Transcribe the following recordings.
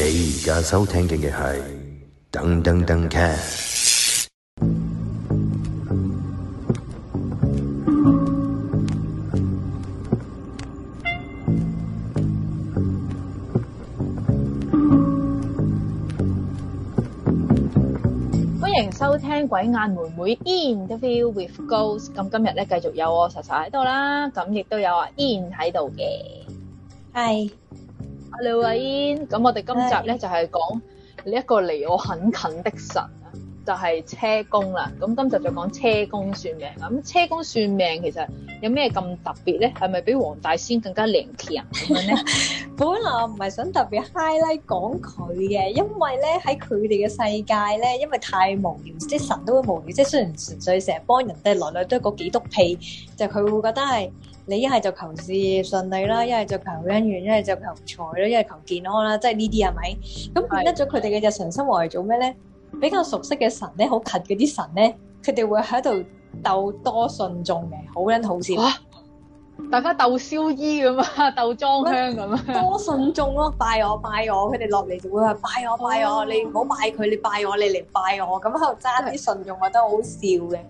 你而家收聽嘅係噔噔噔 cast，歡迎收聽鬼眼妹妹 in the field with ghosts。咁今日咧繼續有我實實喺度啦，咁亦都有阿 In 喺度嘅，係。你好，阿煙。咁我哋今集咧就係講一個離我很近的神。就係車公啦，咁今集就講車公算命。咁車公算命其實有咩咁特別咧？係咪比黃大仙更加靈巧咧？本來我唔係想特別 highlight 講佢嘅，因為咧喺佢哋嘅世界咧，因為太無聊，即係神都會無聊。即係雖然純粹成日幫人哋來來都嗰幾督屁，就佢會覺得係你一係就求事順利啦，一係就求姻緣，一係就求財啦，一係求健康啦，即係呢啲係咪？咁變咗佢哋嘅日常生活係做咩咧？比較熟悉嘅神咧，好近嗰啲神咧，佢哋會喺度鬥多信眾嘅，好人好笑。啊、大家翻鬥燒衣咁啊，鬥裝香咁啊，多信眾咯，拜我拜我，佢哋落嚟就會話拜我拜我，哦、你唔好拜佢，你拜我，你嚟拜我，咁喺度爭啲信眾覺得好笑嘅。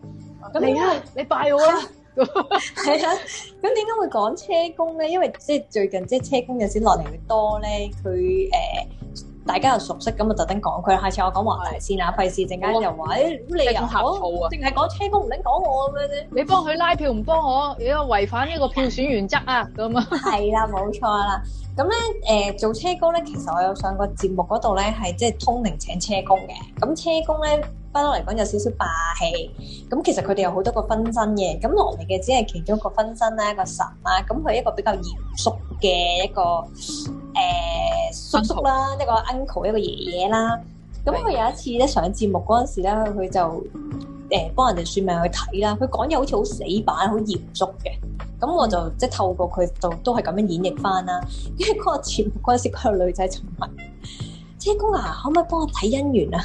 咁的你啊說，你拜我啦。係啊，咁點解會講車公咧？因為即係最近，即係車公有時落嚟會多咧，佢誒。呃大家又熟悉咁啊！我就特登講佢，下次我講話題先啊，費事陣間又話誒，你又我淨係講車公唔肯講我咁樣啫。 你幫佢拉票唔幫我，你又違反呢個票選原則啊咁啊！係啦， 冇錯啦。咁咧誒，做車公咧，其實我有上過節目嗰度咧，係即係通靈請車公嘅。咁車公咧。翻嚟講有少少霸氣，咁其實佢哋有好多個分身嘅，咁落嚟嘅只係其中一個分身啦，一個神啦，咁佢一個比較嚴肅嘅一個誒、呃、叔叔啦，Uncle. 一個 uncle，一個爺爺啦，咁佢有一次咧上節目嗰陣時咧，佢就誒幫、呃、人哋算命去睇啦，佢講嘢好似好死板，好嚴肅嘅，咁我就即係、嗯、透過佢就都係咁樣演繹翻啦，因為嗰個節目嗰陣時佢個女仔尋問，車公啊，可唔可以幫我睇姻緣啊？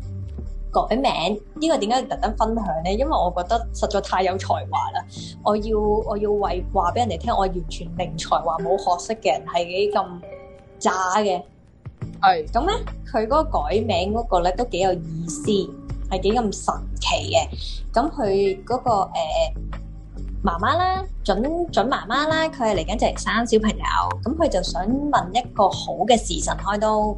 改名呢、這個點解特登分享呢？因為我覺得實在太有才華啦！我要我要為話俾人哋聽，我完全零才華冇學識嘅人係幾咁渣嘅。係咁、嗯嗯、呢，佢嗰個改名嗰個咧都幾有意思，係幾咁神奇嘅。咁佢嗰個誒、呃、媽媽啦，準準媽媽啦，佢係嚟緊就係生小朋友，咁佢就想問一個好嘅時辰開刀。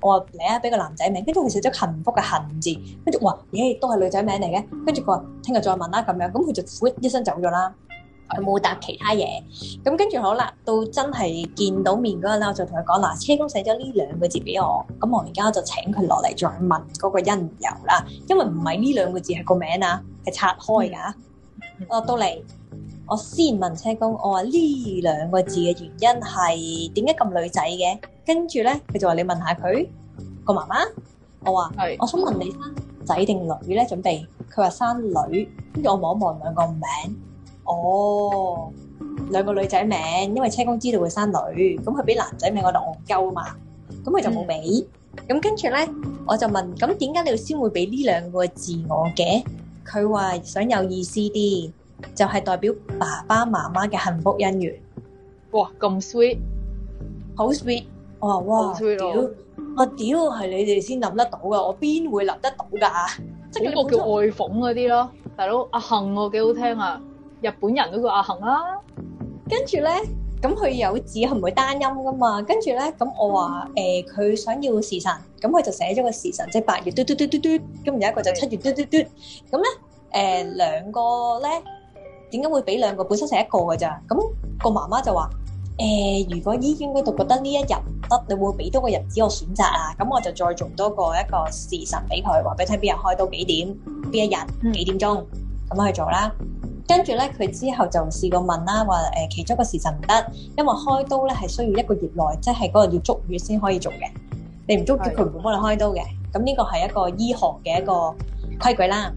我話名啊，俾個男仔名，跟住佢寫咗幸福嘅幸字，跟住話，耶，都係女仔名嚟嘅，跟住佢話，聽日再問啦咁樣，咁佢就噗一聲走咗啦，佢冇答其他嘢，咁跟住好啦，到真係見到面嗰陣啦，我就同佢講嗱，車公寫咗呢兩個字俾我，咁我而家就請佢落嚟再問嗰個因由啦，因為唔係呢兩個字係個名啊，係拆開㗎，我到嚟。我先問車公，我話呢兩個字嘅原因係點解咁女仔嘅？跟住咧，佢就話你問下佢個媽媽。我話，是我想問你生仔定女咧？準備，佢話生女。跟住我望一望兩個名，哦，兩個女仔名，因為車公知道佢生女，咁佢俾男仔名我覺得戇鳩啊嘛，咁佢就冇俾。咁跟住咧，我就問，咁點解你要先會俾呢兩個字我嘅？佢話想有意思啲。就係代表爸爸媽媽嘅幸福姻緣，哇咁 sweet，好 sweet，我話哇屌，我屌係你哋先諗得到噶，我邊會諗得到噶即係呢個叫外諷嗰啲咯，大佬阿幸幾好聽啊，日本人都叫阿幸啦，跟住咧咁佢有字係唔會單音噶嘛，跟住咧咁我話誒佢想要時辰，咁佢就寫咗個時辰，即係八月嘟嘟嘟嘟嘟，咁有一個就七月嘟嘟嘟，咁咧誒兩個咧。點解會俾兩個，本身剩一個嘅咋？咁、那個媽媽就話：，誒、欸，如果醫院嗰度覺得呢一日唔得，你會俾多個日子我選擇啊？咁我就再做多個一個時辰俾佢，話俾你聽邊日開刀幾點，邊一日幾點鐘咁、嗯、去做啦。跟住咧，佢之後就試過問啦，話：，誒、呃，其中一個時辰唔得，因為開刀咧係需要一個月內，即係嗰個要足月先可以做嘅。你唔足月，佢唔會幫你開刀嘅。咁呢個係一個醫學嘅一個規矩啦。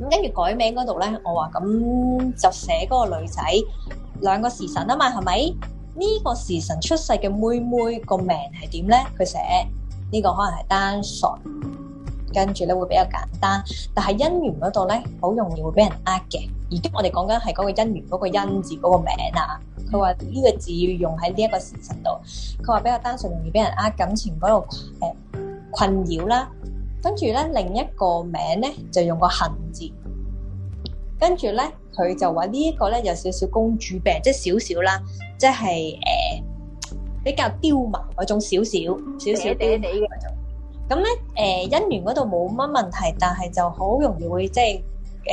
咁跟住改名嗰度咧，我話咁就寫嗰個女仔兩個時辰啊嘛，係咪呢個時辰出世嘅妹妹個名係點咧？佢寫呢個可能係單純，跟住咧會比較簡單，但係姻緣嗰度咧好容易會俾人呃嘅。而家我哋講緊係嗰個姻緣嗰個姻字嗰個名啊，佢話呢個字要用喺呢一個時辰度，佢話比較單純，容易俾人呃感情嗰度誒困擾啦。跟住咧，另一個名咧就用個恨字。跟住咧，佢就話呢一個咧有少少公主病，即係少少啦，即係誒比較刁蠻嗰種，少少少少刁蠻啲嘅。咁咧誒姻緣嗰度冇乜問題，但係就好容易會即係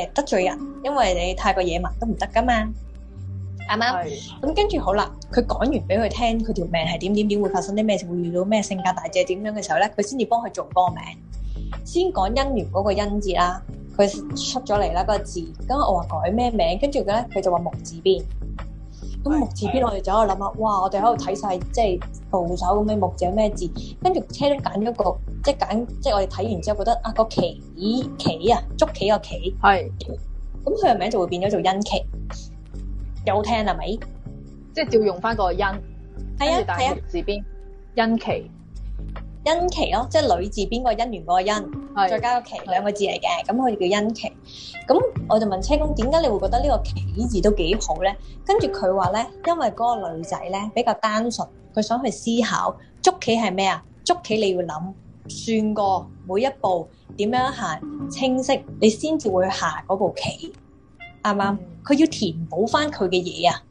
誒得罪人，因為你太過野蠻都唔得噶嘛。啱唔啱？咁跟住好啦，佢講完俾佢聽，佢條命係點點點，會發生啲咩，會遇到咩性格大隻點樣嘅時候咧，佢先至幫佢做嗰個名。先講因緣嗰個恩字啦，佢出咗嚟啦，嗰、那個字。咁我話改咩名，跟住佢咧佢就話木字邊。咁木字邊，我哋就喺度諗啊，的哇！我哋喺度睇晒即係部首咁樣，木字有咩字，跟住車都揀咗個，即係揀，即係我哋睇完之後覺得啊、那個棋，棋啊，捉棋個棋，係咁佢嘅名就會變咗做恩棋，有好聽係咪？即係照用翻個恩，跟啊，但係木字邊，恩棋。恩棋咯、哦，即係女字邊個姻緣嗰個姻，的再加個棋兩個字嚟嘅，咁佢哋叫恩棋。咁我就問車公，點解你會覺得呢個棋字都幾好咧？跟住佢話咧，因為嗰個女仔咧比較單純，佢想去思考捉棋係咩啊？捉棋你要諗，算過每一步點樣行，清晰你先至會下嗰步棋，啱唔啱？佢、嗯、要填補翻佢嘅嘢啊！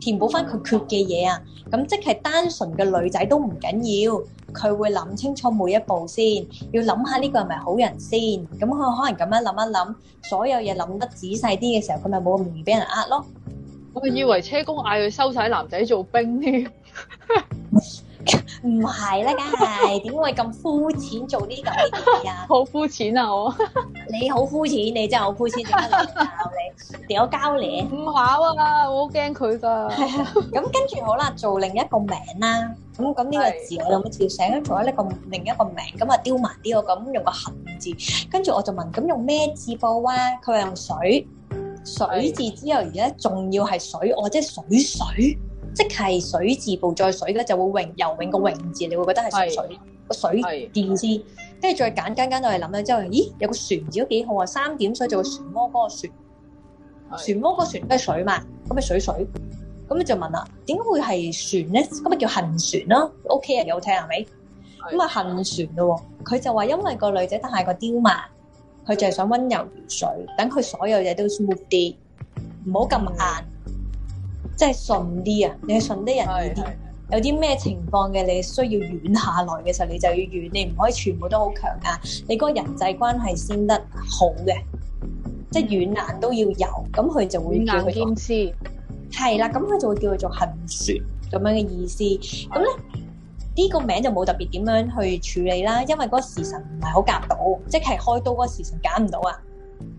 填補翻佢缺嘅嘢啊！咁即係單純嘅女仔都唔緊要，佢會諗清楚每一步先，要諗下呢個係咪好人先。咁佢可能咁樣諗一諗，所有嘢諗得仔細啲嘅時候，佢咪冇咁容易俾人呃咯。我以為車公嗌佢收晒男仔做兵添。 唔係咧，梗係點會咁膚淺做呢啲咁嘅嘢啊？好膚淺啊！我 你好膚淺，你真係好膚淺，點解我教你掉膠咧？唔考啊！我好驚佢噶。係 啊、 嗯，咁、嗯、跟住好啦，做另一個名啦。咁咁呢個字我有乜招寫咧？做咗呢個另一個名，咁啊丟埋啲我咁用個「行」字，跟住我就問：咁用咩字波啊？佢話用水水字之後，而家仲要係水，我即係水水。水水即係水字部再水咧，就會泳游泳個泳字，你會覺得係水個是水字。跟住再揀揀揀就係諗咗之後，咦有個船字都幾好啊！三點水做個漩渦，嗰個是船漩渦個船都係水嘛？咁咪水水。咁你就問啦，點會係船咧？咁咪叫行船咯。O K 啊，又好有聽係咪？咁啊是行船咯。佢就話因為女個女仔得係個刁蠻，佢就係想温柔如水，等佢所有嘢都 smooth 啲，唔好咁硬。即係順啲啊！你係順啲人啲，的有啲咩情況嘅你需要軟下來嘅時候，你就要軟，你唔可以全部都好強硬，你個人際關係先得好嘅。嗯、即係軟硬都要有。咁佢就會叫軟硬兼施。係啦，咁佢就會叫佢做衡船咁樣嘅意思。咁咧的呢、呢個名就冇特別點樣去處理啦，因為嗰時辰唔係好夾到，即係開刀嗰時辰揀唔到啊。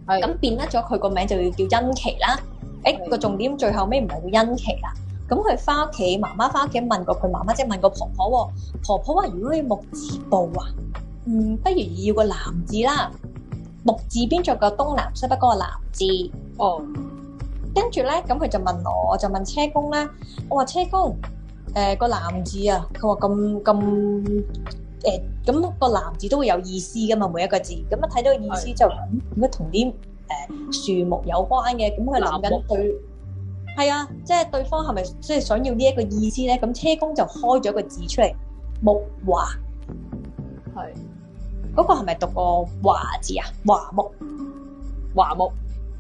咁的變得咗佢個名就要叫恩期啦。誒，個的重點最後尾唔係會恩奇啦，咁佢翻屋企，媽媽翻屋企問過佢媽媽，即係問過婆婆，婆婆話：如果你木字部啊，嗯，不如要個南字啦。木字邊着有個東南西北嗰個南字。哦。跟住咧，咁佢就問我，我就問車公啦。我話車公，誒、呃、個南字啊，佢話咁咁，誒，咁、呃那個南字都會有意思噶嘛，每一個字，咁啊睇到個意思就，如果同點？嗯誒，樹木有關嘅，咁佢諗緊對係木啊，即係對方係咪即係想要呢一個意思咧？咁車公就開咗一個字出嚟，木華，係，嗰是個係咪讀個華字啊？華木，華木，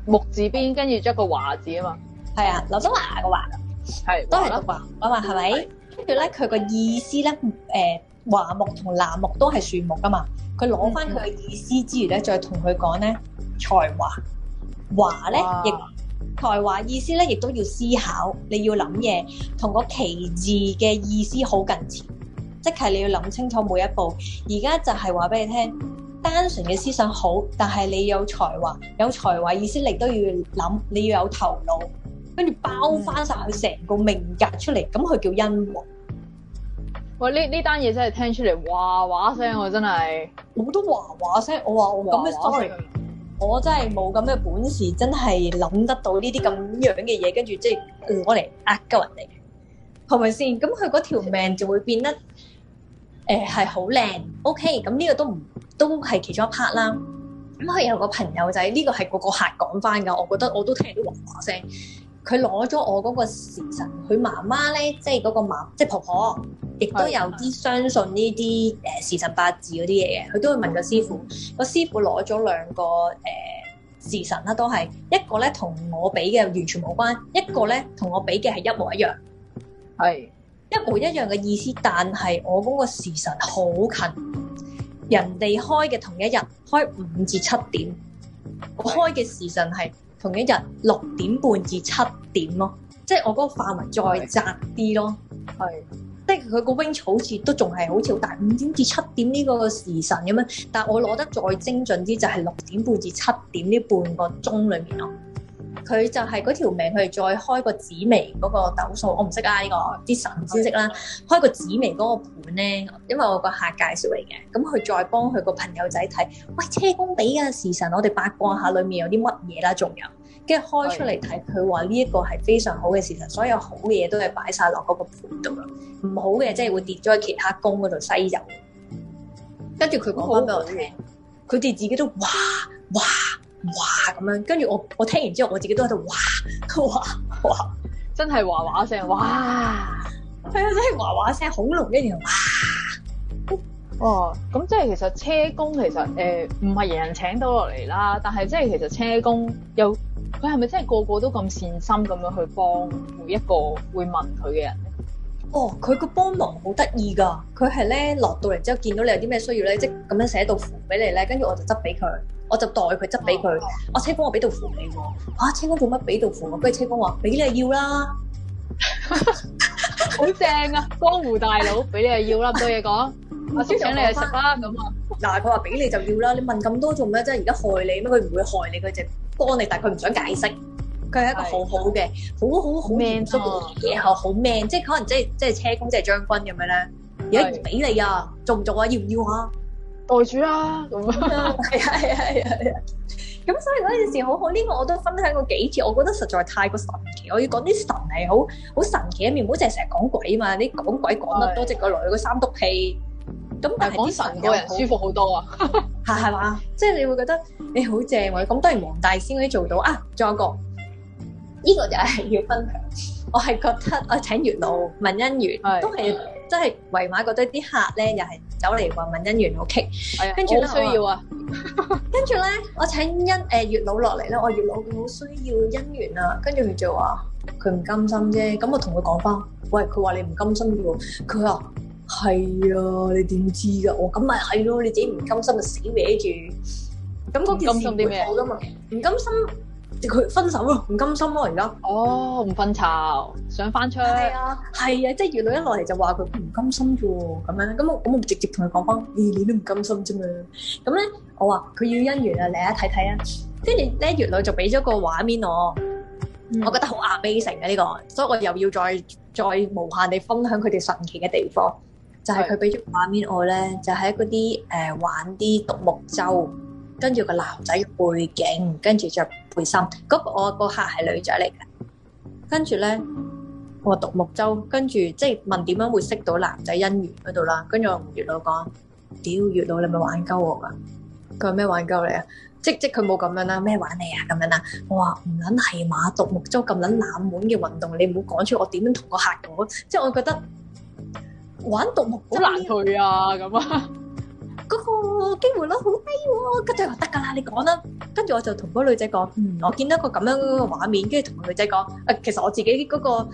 木字邊，跟住一個華字啊嘛，係啊，劉德華個華，係是都係讀華啊、呃、嘛，係咪？跟住咧，佢個意思咧，誒，華木同楠木都係樹木噶嘛，佢攞翻佢嘅意思之餘咧，再同佢講咧。才華，華咧亦才華意思咧，亦都要思考，你要諗嘢，同個奇字嘅意思好近似，即係你要諗清楚每一步。而家就係話俾你聽，單純嘅思想好，但係你有才華，有才華意思你都要諗，你要有頭腦，跟住包翻晒佢成個命格出嚟，咁佢、嗯、叫恩王。哇！呢呢單嘢真係聽出嚟，哇哇聲我真係好多哇哇聲，我話我咁 sorry。我真係冇咁嘅本事，真係諗得到呢啲咁樣嘅嘢，跟住即係攞嚟呃鳩人哋，係咪先？咁佢嗰條命就會變得，誒係好靚，OK，咁呢個都唔都係其中一 part 啦。咁佢有個朋友仔，呢、這個係個個客講翻噶，我覺得我都聽到嘩嘩聲。佢攞咗我嗰個時辰，佢媽媽咧即係嗰個媽，即係婆婆，亦都有啲相信呢啲誒時辰八字嗰啲嘢嘅，佢都會問師師個師傅。個師傅攞咗兩個誒時辰啦，都係一個咧同我俾嘅完全冇關，一個咧同我俾嘅係一模一樣，係是一模一樣嘅意思。但係我嗰個時辰好近，人哋開嘅同一日開五至七點，我開嘅時辰係。同一日六點半至七點咯，即係我嗰個範圍再窄啲咯，係，即係佢個 window 好似都仲係好似好大，五點至七點呢個個時辰咁樣，但我攞得再精準啲就係六點半至七點呢半個鐘裏面咯。佢就係嗰條命，佢再開個紫微嗰個斗數，我唔識啊呢、這個啲神知識啦。的開個紫微嗰個盤咧，因為我個客介紹嚟嘅，咁佢再幫佢個朋友仔睇，喂，車公畀嘅時辰，我哋八卦下裏面有啲乜嘢啦，仲有，跟住開出嚟睇，佢話呢一個係非常好嘅時辰，所有好嘅嘢都係擺晒落嗰個盤度啦，唔好嘅即係會跌咗喺其他宮嗰度西遊。跟住佢講翻俾我聽，佢哋好自己都哇哇。哇哇咁樣，跟住我我聽完之後，我自己都喺度哇哇哇， 華華聲哇，真係哇哇聲，哇係啊，真係哇哇聲，好濃一樣哇。哦，咁即係其實車公其實誒唔係人人請到落嚟啦，但係即係其實車公又佢係咪真係個個都咁善心咁樣去幫每一個會問佢嘅人？哦，佢個幫忙好得意噶，佢係咧落到嚟之後見到你有啲咩需要咧，即咁樣寫到符俾你咧，跟住我就執俾佢。我就代佢執俾佢，我車公我俾道符你喎，哇車公做乜俾道符我？跟住車公話俾你係要啦，好正啊！江湖大佬俾你係要啦，咁多嘢講。我先請你去食啦咁啊！嗱，佢話俾你就要啦，你問咁多做咩？即係而家害你咩？佢唔會害你，佢就幫你，但係佢唔想解釋。佢係一個好好嘅，好好好嘅嘢，係好 man！即係可能即係即係車公即係將軍咁樣咧。而家俾你啊，做唔做啊？要唔要啊？外主、 嗯、啊，咁啊，係啊，係啊，係啊，咁所以嗰件事好好，呢、這個我都分享過幾次，我覺得實在太過神奇。我要講啲神係好好神奇一面，唔好淨係成日講鬼嘛，你講鬼講得多只個來個三督氣，咁但係講神，神個人舒服好多啊，係係嘛，即係你會覺得你好正喎，咁當然黃大仙嗰啲做到啊，仲有一個，呢個就係要分享，我係覺得啊，請月老問姻緣都係。即係圍埋嗰堆啲客咧，又係走嚟話問姻緣 OK，跟住咧，我需要啊， 跟住咧，我請姻誒、呃、月老落嚟咧，我、哦、月老佢好需要姻緣啊。跟住佢就話佢唔甘心啫，咁我同佢講翻，喂，佢話你唔甘心嘅喎，佢話係啊，你點知㗎？我咁咪係咯，你自己唔甘心就死搲住，咁嗰、嗯嗯、件事唔好啦嘛，唔么甘心。佢分手咯，唔甘心咯而家。哦，唔瞓巢，想翻出去。係啊，係啊，即係月女一落嚟就話佢唔甘心啫喎，咁樣咁我咁我直接同佢講翻，咦、欸，你都唔甘心啫嘛？咁咧我話佢要姻緣啊，嚟一睇睇啊。跟住咧月女就俾咗個畫面我，嗯、我覺得好 amazing 呢個，所以我又要再再無限地分享佢哋神奇嘅地方，就係佢俾咗畫面我咧，就喺嗰啲誒玩啲獨木舟。嗯跟住個男仔背景，跟住著，著背心。嗰個我個客係女仔嚟嘅。跟住咧，我獨木舟，跟住即係問點樣會識到男仔姻緣嗰度啦。跟住我同月老講：屌，月老你咪玩鳩我㗎。佢話咩玩鳩你啊？即即佢冇咁樣啦。咩玩你啊？咁樣啦、啊。我話唔撚係嘛，獨木舟咁撚冷門嘅運動，你唔好講出我點樣同個客講。即係我覺得玩獨木舟難去啊咁啊！ 嗰個機會咯，哦，好低喎！跟住話得㗎啦，你講啦。跟住我就同嗰個女仔講，嗯，我見到個咁樣嘅畫面，跟住同個女仔講，誒、呃，其實我自己嗰個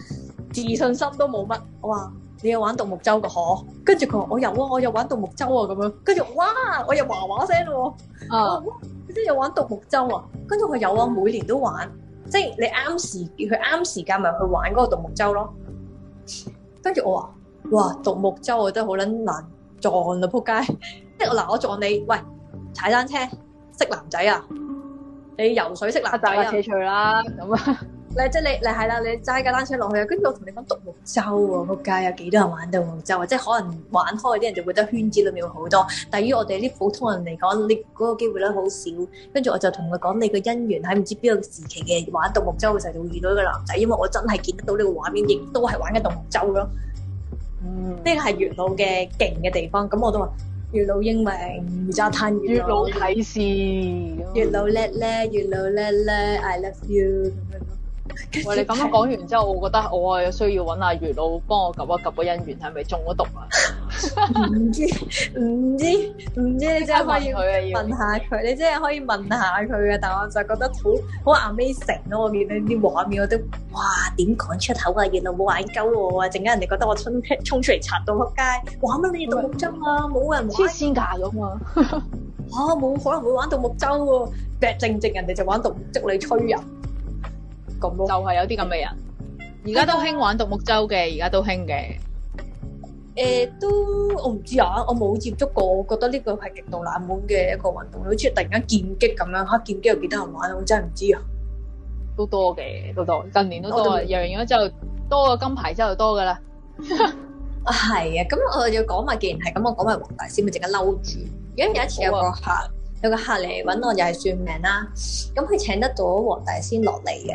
自信心都冇乜。我話你有玩獨木舟嘅可？跟住佢話我有啊，我又玩獨木舟啊咁樣。跟住哇，我又話話聲咯，啊，佢都有玩獨木舟啊？跟住佢有華華啊、uh. 哦有啊，每年都玩。即係你啱時，佢啱時間咪去玩嗰個獨木舟咯。跟住我話，哇，獨木舟我真係好撚難撞啊，撲街！即係我嗱，我撞你喂，踩單車識男仔啊！你游水識男仔啊？出 去啦咁啊！你即係你你係啦，你揸架單車落去啊！跟住我同你講獨木舟喎，仆街有幾多人玩獨木舟啊？即係可能玩開啲人就會覺得圈子裏面會好多，但係於我哋啲普通人嚟講，你嗰個機會咧好少。跟住我就同佢講，你個姻緣喺唔知邊個時期嘅玩獨木舟嘅時候，就會遇到一個男仔，因為我真係見得到呢個畫面，亦都係玩緊獨木舟咯。嗯，呢個係月老嘅勁嘅地方，咁我都話。月老英明，嗯、越，月老睇事，越，來越，來月老叻叻，嗯、越，來越，來月老叻叻。I love you。喂，你咁樣講完之後，我覺得我係需要揾阿月老幫我及一及個姻緣，係咪中咗毒啊？唔知，唔知，唔知 你真係可以問，啊、問下佢，你真係可以問下佢嘅。但我就覺得好好 amazing 咯，我見到啲畫面我都哇，點講出口啊？原來冇玩鳩我啊，陣間人哋覺得我衝出衝出嚟插到撲街，玩乜你盜墓針啊？冇人黐線噶嘛，嗯、啊，冇 可能會玩盜墓針喎，正正，正人哋就玩盜，即你吹人、啊。就係有啲咁嘅人，而家都興玩獨木舟嘅，而家都興嘅。誒，都我唔知啊，我冇接觸過，我覺得呢個係極度冷門嘅一個運動，好似突然間劍擊咁樣，吓劍擊又幾多人玩啊？我真係唔知啊。都多嘅，都多。近年都多。贏咗就多個金牌之後多噶啦。啊，係啊，咁我要講埋，既然係咁，我講埋黃大仙咪即刻嬲住。如果，有一次有個客，有個客嚟搵我又係算命啦，咁佢請得到黃大仙落嚟嘅。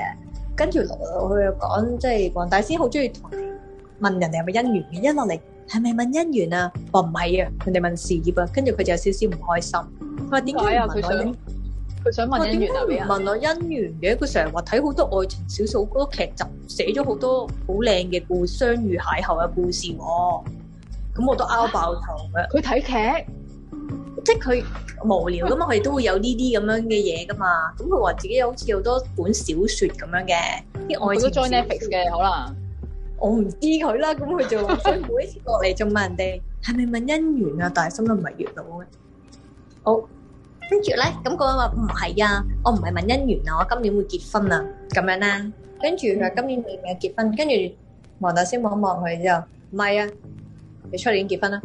跟條路落去又講，即係黃大仙好中意同問人哋係咪姻緣嘅，一落嚟係咪問姻緣啊？話唔係啊，佢哋問事業啊，跟住佢就有少少唔開心。佢話點解啊？佢想佢想問點解唔問我姻緣嘅？佢成日話睇好多愛情小説、好多劇集，寫咗好多好靚嘅故相遇邂逅嘅故事喎。咁我都拗爆頭嘅。佢睇劇。即係佢無聊噶嘛，佢都會有呢啲咁樣嘅嘢噶嘛。咁佢話自己有好似好多本小説咁樣嘅，啲愛情嘅好啦。我唔知佢啦，咁佢就所以每一次落嚟就問人哋係咪問姻緣啊？但係心都唔係月老嘅。好，跟住咧，咁佢話唔係啊，我唔係問姻緣啊，我今年會結婚啊，咁樣啦。跟住佢今年未有結婚，跟住黃大仙望一望佢之後，唔係啊，你出年結婚啦。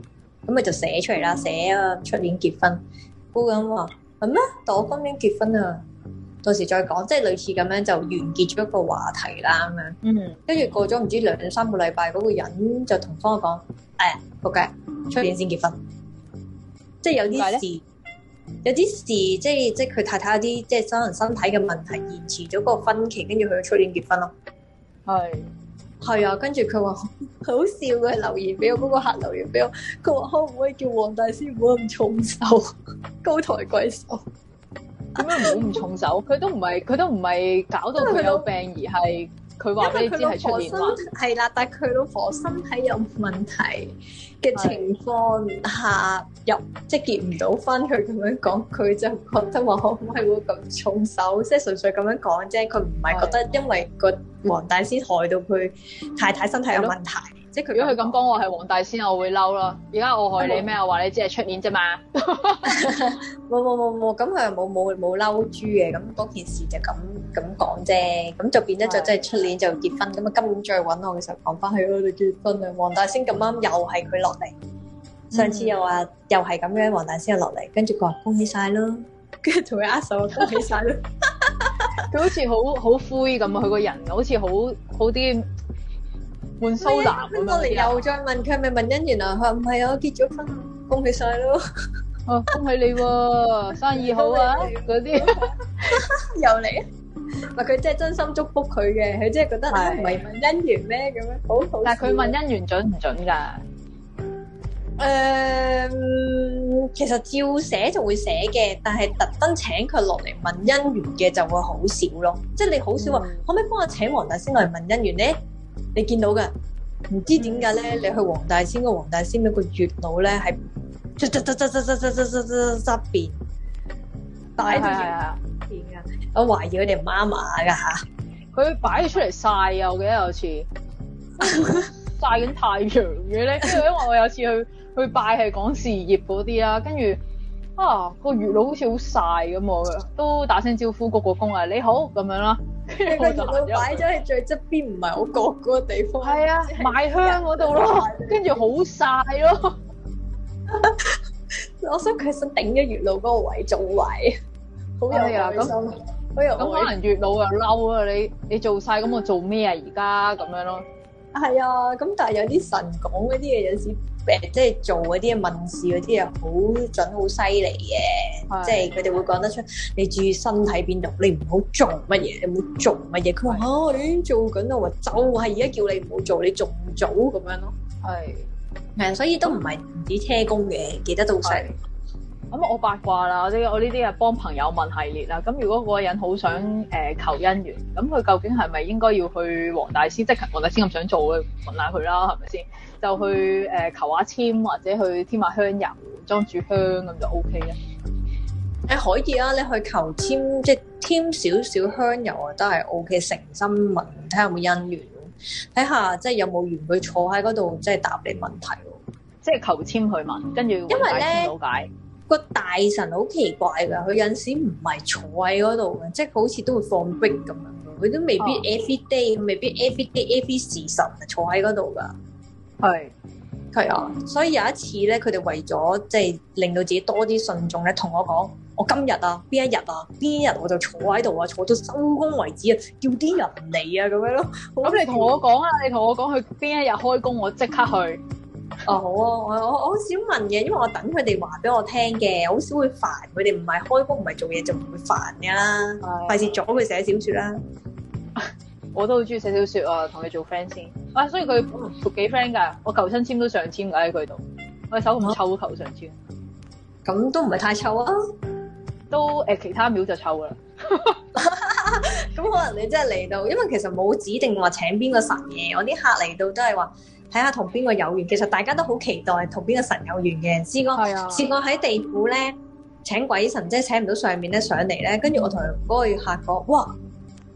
咁咪就寫出嚟啦，寫啊，出年結婚。咁話係咩？到我今年結婚啊，到時再講，即係類似咁樣就完結咗一個話題啦咁樣。嗯、mm。跟、hmm. 住過咗唔知兩三個禮拜，嗰、那個人就同方我講：誒、哎，仆街，出年先結婚。即係有啲事，有啲事，即係即係佢太太啲，即係生人身體嘅問題延遲咗個婚期，跟住佢出年結婚咯。係。係啊，跟住佢話，好笑，佢留言俾我，嗰個客留言俾我，佢話可唔可以叫黃大師唔好咁重手， 高抬台貴手。點解唔好咁重手？佢都唔係，佢都唔係搞到佢有病， 而係。佢話俾你知係出邊話，係啦，但係佢老婆身體有問題嘅情況下入的即結唔到婚。佢咁樣講，佢就覺得話可唔可以唔好咁重手，即係 純粹咁樣講啫，佢唔係覺得因為個黃大仙害到佢太太身體有問題。的即如果佢咁講，我係黃大仙，我會嬲咯。而家我害你咩？我話你只係出年啫嘛。冇冇冇冇，咁佢又冇冇冇嬲豬嘅。咁嗰件事就咁咁講啫。咁就變咗就真係出年就結婚。咁啊根本再揾我嘅時候講翻去咯，你結婚啊？黃大仙咁啱又係佢落嚟。上次又話又係咁樣，黃大仙又落嚟，跟住佢話恭喜曬咯，跟住同佢握手恭喜曬咯。佢好似好好灰咁啊！佢個人好似好好啲。換蘇南咁樣啊！我嚟又再問佢係咪問姻緣啊？佢話唔係啊，我結咗婚啊，恭喜晒咯！哦，恭喜你喎，生意好啊！嗰啲又嚟啊！嗱，佢真係真心祝福佢嘅，佢真係覺得唔係問姻緣咩咁樣？好好。但係佢問姻緣准唔準噶？誒，其實照寫就會寫嘅，但係特登請佢落嚟問姻緣嘅就會好少咯。即係你好少話可唔可以幫我請黃大仙落嚟問姻緣咧？你見到嘅，唔知點解咧？你去黃大仙個黃大仙咧個月老咧喺側側側側側側側邊，係啊係啊，我懷疑佢哋媽媽噶吓，佢擺住出嚟晒啊！我記得有次曬緊太陽嘅咧，因為我有次去去拜係講事業嗰啲啊，跟住。啊，個月老好似好曬咁喎，都打聲招呼，鞠個躬啊，你好咁樣啦。跟住佢就擺咗喺最側邊，唔係好焗嗰個地方。係啊，賣香嗰度咯。跟住好曬咯。我想佢想頂咗月老嗰個位做位，好有愛心。好有。咁可能月老又嬲啊？你你做曬咁我做咩啊？而家咁樣咯。係啊，咁但係有啲神講嗰啲嘢有時。誒，即係做嗰啲問事嗰啲啊，好準好犀利嘅，的即係佢哋會講得出，你注意身體邊度，你唔好做乜嘢，你唔好做乜嘢。佢話的、啊，你已經做緊啦，我就係而家叫你唔好做，你仲做咁的樣咯。係，係，所以都唔係唔止車公嘅，記得到曬。咁我八卦啦，我呢我呢啲係幫朋友問系列啦。咁如果嗰個人好想誒、呃、求姻緣，咁佢究竟係咪應該要去黃大仙？即係黃大仙咁想做嘅，問下佢啦，係咪先？就去誒、呃、求下簽或者去添下香油，裝住香咁就 O K 啦。誒、欸，可以啊，你去求簽，即係添少少香油啊，都係 O K。誠心問，睇下有冇姻緣，睇下即係有冇緣佢坐喺嗰度，即係答你問題，啊，即係求簽去問，跟住黃大仙解。解解個大神好奇怪㗎，佢有時唔係坐喺嗰度嘅，即係好似都會放逼咁樣，佢都未必 every day，、啊、未必 every day，every 時辰坐喺嗰度㗎。係，係啊，所以有一次咧，佢哋為咗即係令到自己多啲信眾咧，同我講：我今日啊，邊一日啊，邊一日我就坐喺度啊，坐到收工為止啊，叫啲人嚟啊咁樣咯。咁你同我講啊，、嗯、啊，你同我講佢邊一日開工，我即刻去。哦、啊、好啊，我我我好少問嘅，因為我等佢哋話俾我聽嘅，好少會煩佢哋，唔係開工唔係做嘢就唔會煩噶啦，費是、啊、事阻佢寫小説啦、啊。 我都好中意寫小説啊，同佢做 friend 先。啊，所以佢幾 friend 㗎？我舊親簽都上簽喺佢度，我手咁臭求上簽。咁都唔係太臭啊，都誒、呃、其他廟就臭啦。咁、 嗯嗯、可能你真係嚟到，因為其實冇指定話請邊個神嘅，我啲客嚟到都係話。睇下同邊個有緣，其實大家都好期待同邊個神有緣嘅。試過，係啊，試過喺地府咧，請鬼神即係請唔到上面咧上嚟咧，跟住我同嗰位客講，哇，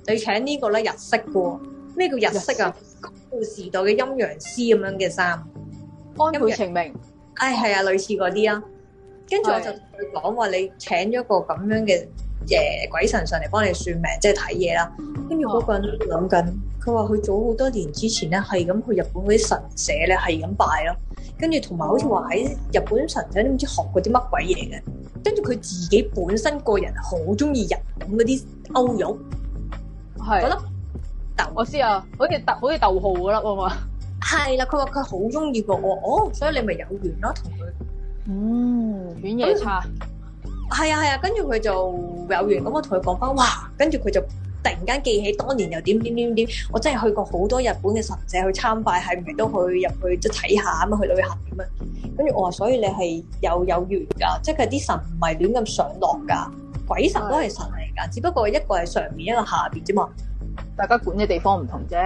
你請個呢個咧日式嘅，咩叫日式啊？式古時代嘅陰陽師咁樣嘅衫，安倍晴明，哎，係啊，類似嗰啲啊。跟住我就同佢講話，是你請咗個咁樣嘅，誒、呃，鬼神上嚟幫你算命，即係睇嘢啦。跟住嗰個人諗緊。嗯嗯佢話佢早好多年之前咧，係咁去日本嗰啲神社咧，係咁拜咯。跟住同埋好似話喺日本神社都唔知學過啲乜鬼嘢嚟嘅。跟住佢自己本身個人,人是好中意日本嗰啲歐玉，係嗰得，逗，我知啊，好似逗好似逗號嗰粒啊嘛。係啦，佢話佢好中意喎，哦，所以你咪有緣咯，同佢。嗯，犬夜叉。係啊，係啊，跟住佢、嗯野嗯、就有緣咁，我同佢講翻，哇！跟住佢就。突然間記起當年又點點點點，我真係去過好多日本嘅神社去參拜，係唔係都去入去即睇下咁去旅行點啊？跟住我話，所以你係有有緣噶，即係啲神唔係亂咁上落噶，鬼神都係神嚟噶，的只不過一個係上面，一個下邊啫嘛。大家管嘅地方唔同啫。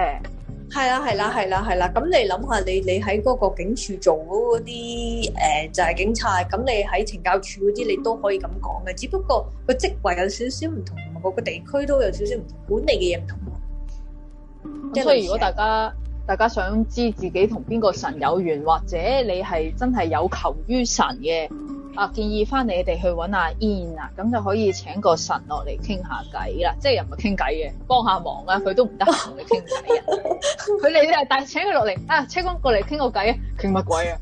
係啦，係啦，係啦，係啦，咁你諗下，你你喺嗰個警署做嗰啲誒就係、是、警察，咁你喺懲教處嗰啲，你都可以咁講嘅，只不過個職位有少少唔同。各個地區都有少少唔同，管理嘅嘢唔同。咁所以如果大家、嗯、大家想知自己同邊個神有緣，或者你係真係有求於神嘅，啊建議翻你哋去揾阿燕啊，咁就可以請個神落嚟傾下偈啦。即係又唔係傾偈嘅，幫下忙啊，佢都唔得同你傾偈。啊。佢哋啊，但係請佢落嚟啊，車公過嚟傾個偈啊，傾乜鬼啊？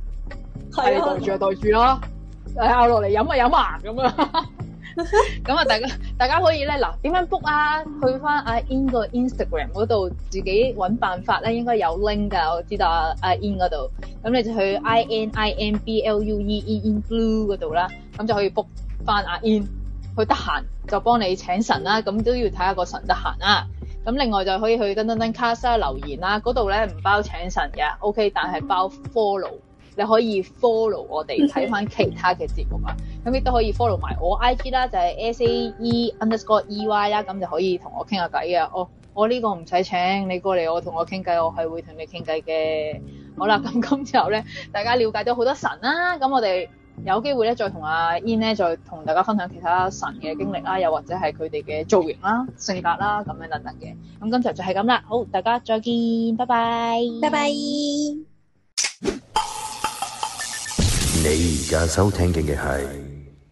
係對住就對住咯，我喝啊落嚟飲啊飲啊咁啊。 咁啊，大家、 嗯、大家可以咧，嗱，點樣 book 啊？去翻阿 In 個 Instagram 嗰度，自己搵辦法咧，應該有 link 噶，我知道阿阿 In 嗰度。咁你就去 i n i n b l u e e in, IN blue 嗰度啦，咁就可以 book 翻阿 In。去得閒就幫你請神啦，咁都要睇下個神得閒啦。咁另外就可以去登登登卡莎留言啦，嗰度咧唔包請神嘅，OK，但係包 follow，你可以 follow 我哋睇翻其他嘅節目啊。咁亦都可以 follow 埋我 IG 啦，就係 s a e underscore e y 啦，咁就可以同我傾下偈嘅。哦、oh，我呢個唔使請，你過嚟，我同我傾偈，我係會同你傾偈嘅。好啦，咁今日咧，大家了解到好多神啦，啊，咁我哋有機會咧，再同阿 Ian 咧，再同大家分享其他神嘅經歷啦，啊，又或者係佢哋嘅造型啦，啊，性格啦，啊，咁樣等等嘅。咁今日就係咁啦，好，大家再見，拜拜，拜拜 bye。你而家收聽嘅係。